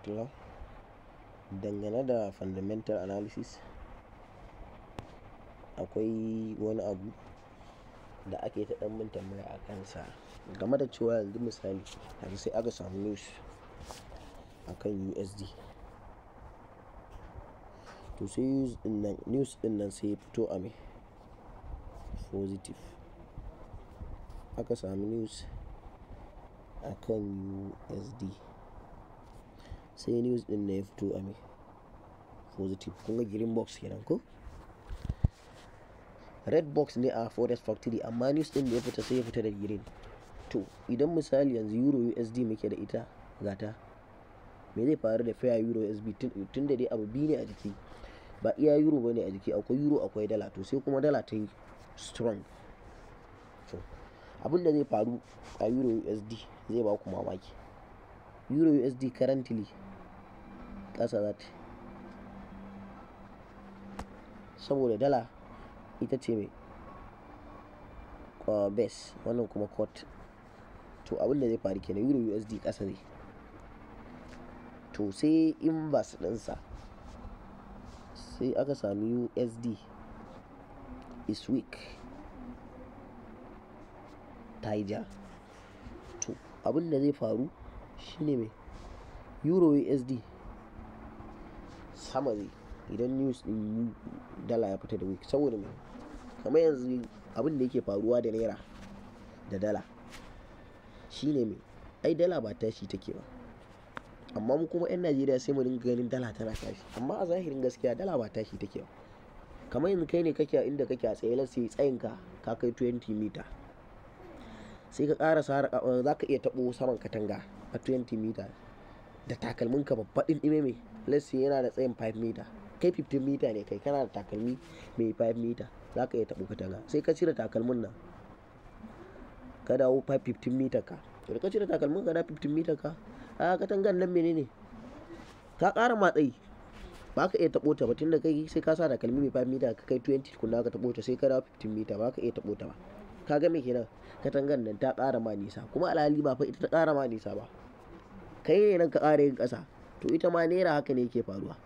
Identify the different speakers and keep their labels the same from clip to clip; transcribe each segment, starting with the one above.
Speaker 1: rahmatullah dangane da fundamental analysis akwai wani abu da ake ta dan min tambaya a kansa game da cewa yanzu misali yanzu sai aka samu news akan usd to sai news din nan sai fito a mai positive aka samu news akan usd sai news din na ya fito a mai positive kun ga green box kenan ko red box ne a forest factory amma news din da ya fita sai ya fita da green to idan misali yanzu euro usd muke da ita gata me zai faru da fair euro usd tun da dai abu biyu ne a jiki ba iya euro ba ne a jiki akwai euro akwai dala to sai kuma dala ta yi strong so abin da zai faru a euro usd zai ba ku mamaki euro usd currently ƙasa za ta saboda dala ita ce mai base wannan kuma court to abin da zai faru kenan euro usd ƙasa ne to sai inverse ɗinsa sai aka sami usd is weak taija to abin da zai faru shine mai euro usd sama zai idan news din dala ya fita da week saboda mai kamar yanzu abin da yake faruwa da naira da dala shine mai ai dala ba tashi take ba amma mu kuma 'yan najeriya sai mu dinga ganin dala tana tashi amma a zahirin gaskiya dala ba tashi take ba kamar yanzu kai ne kake a inda kake a tsaye sai tsayin ka ka kai 20 mita sai ka ƙara za ka iya tabo saman katanga a 20 mita da takalmin ka babbaɗin ɗime mai let's yana da tsayin 5 meter kai 15 meter ne kai kana da takalmi mai 5 meter za ka iya taɓo katanga sai ka cire takalmin nan ka dawo 15 meter ka to da ka cire takalmin ka da 15 meter ka a katangan nan menene ka ƙara matsayi ba ka iya taɓo ta ba tunda kai sai ka sa takalmi mai 5 meter ka kai 20 kunna ka taɓo ta sai ka dawo 15 meter ba ka iya taɓo ta ba ka ga me kenan katangan nan ta ƙara ma nisa kuma alhali ba fa ita ta ƙara ma nisa ba kai ne nan ka ƙara yin ƙasa to ita ma naira haka ne yake faruwa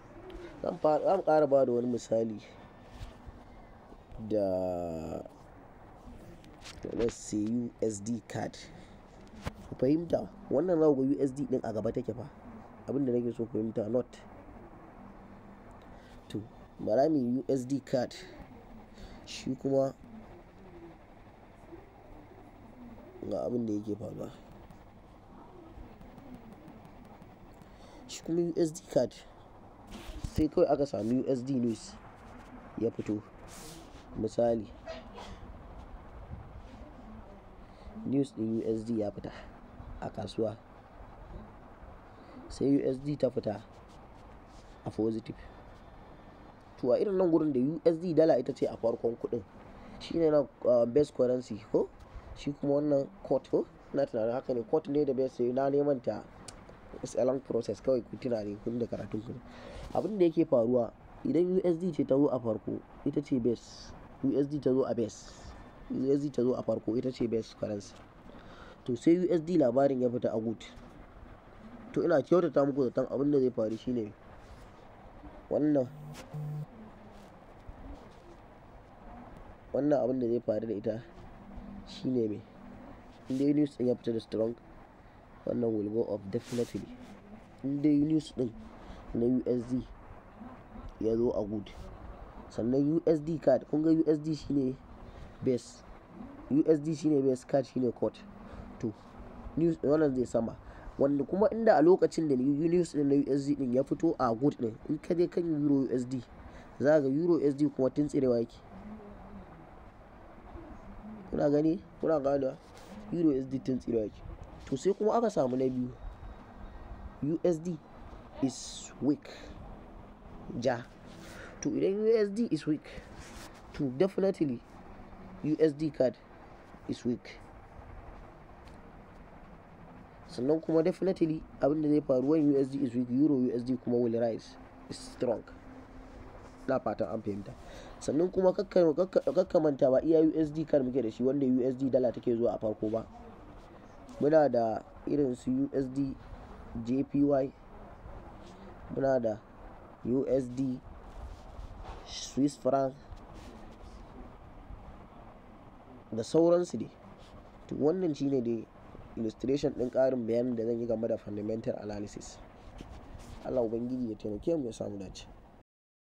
Speaker 1: zan ƙara ba da wani misali da let's USD card ku fahimta wannan za USD din a gaba take fa abinda nake so fahimta not to bara mi USD card shi kuma ga abin da yake faruwa shi kuma usd card sai kawai aka sami usd news ya fito misali news din usd ya fita a kasuwa sai usd ta fita a positive to a irin nan gurin da usd dala ita ce a farkon kudin shine na uh, best currency ko shi kuma wannan court ko na tunanin haka ne court ne da best na neman ta it's a long process kawai ku tuna ne kun da karatun ku abin da yake faruwa idan USD ce ta zo a farko ita ce base USD ta zo a base USD ta zo a farko ita ce base currency to sai USD labarin ya fita a good to ina kyautata muku zaton abin da zai faru shine wannan wannan abin da zai faru da ita shine mai inda news ya fita da strong wannan will go up definitely dai news din na usd ya zo a good sannan usd card kunga ga usd shine base usd shine base card shine court to news wannan zai sama wanda kuma inda a lokacin da news din na usd din ya fito a good din in ka je kan euro usd za ga euro usd kuma tun tsirewa yake kuna gani kuna gani euro usd tun tsirewa yake to sai kuma aka samu na biyu usd is weak ja to idan usd is weak to definitely usd card is weak sannan kuma definitely abinda zai faru when usd is weak euro usd kuma will rise is strong na fatan an fahimta sannan kuma kakkamanta ba iya usd kan muke da shi wanda usd dala take zuwa a farko ba muna da irin su USD JPY muna da USD Swiss franc da sauransu dai to wannan shine dai illustration ɗin ƙarin bayanin da zan yi game da fundamental analysis Allah Ubangiji ya taimake mu ya samu dace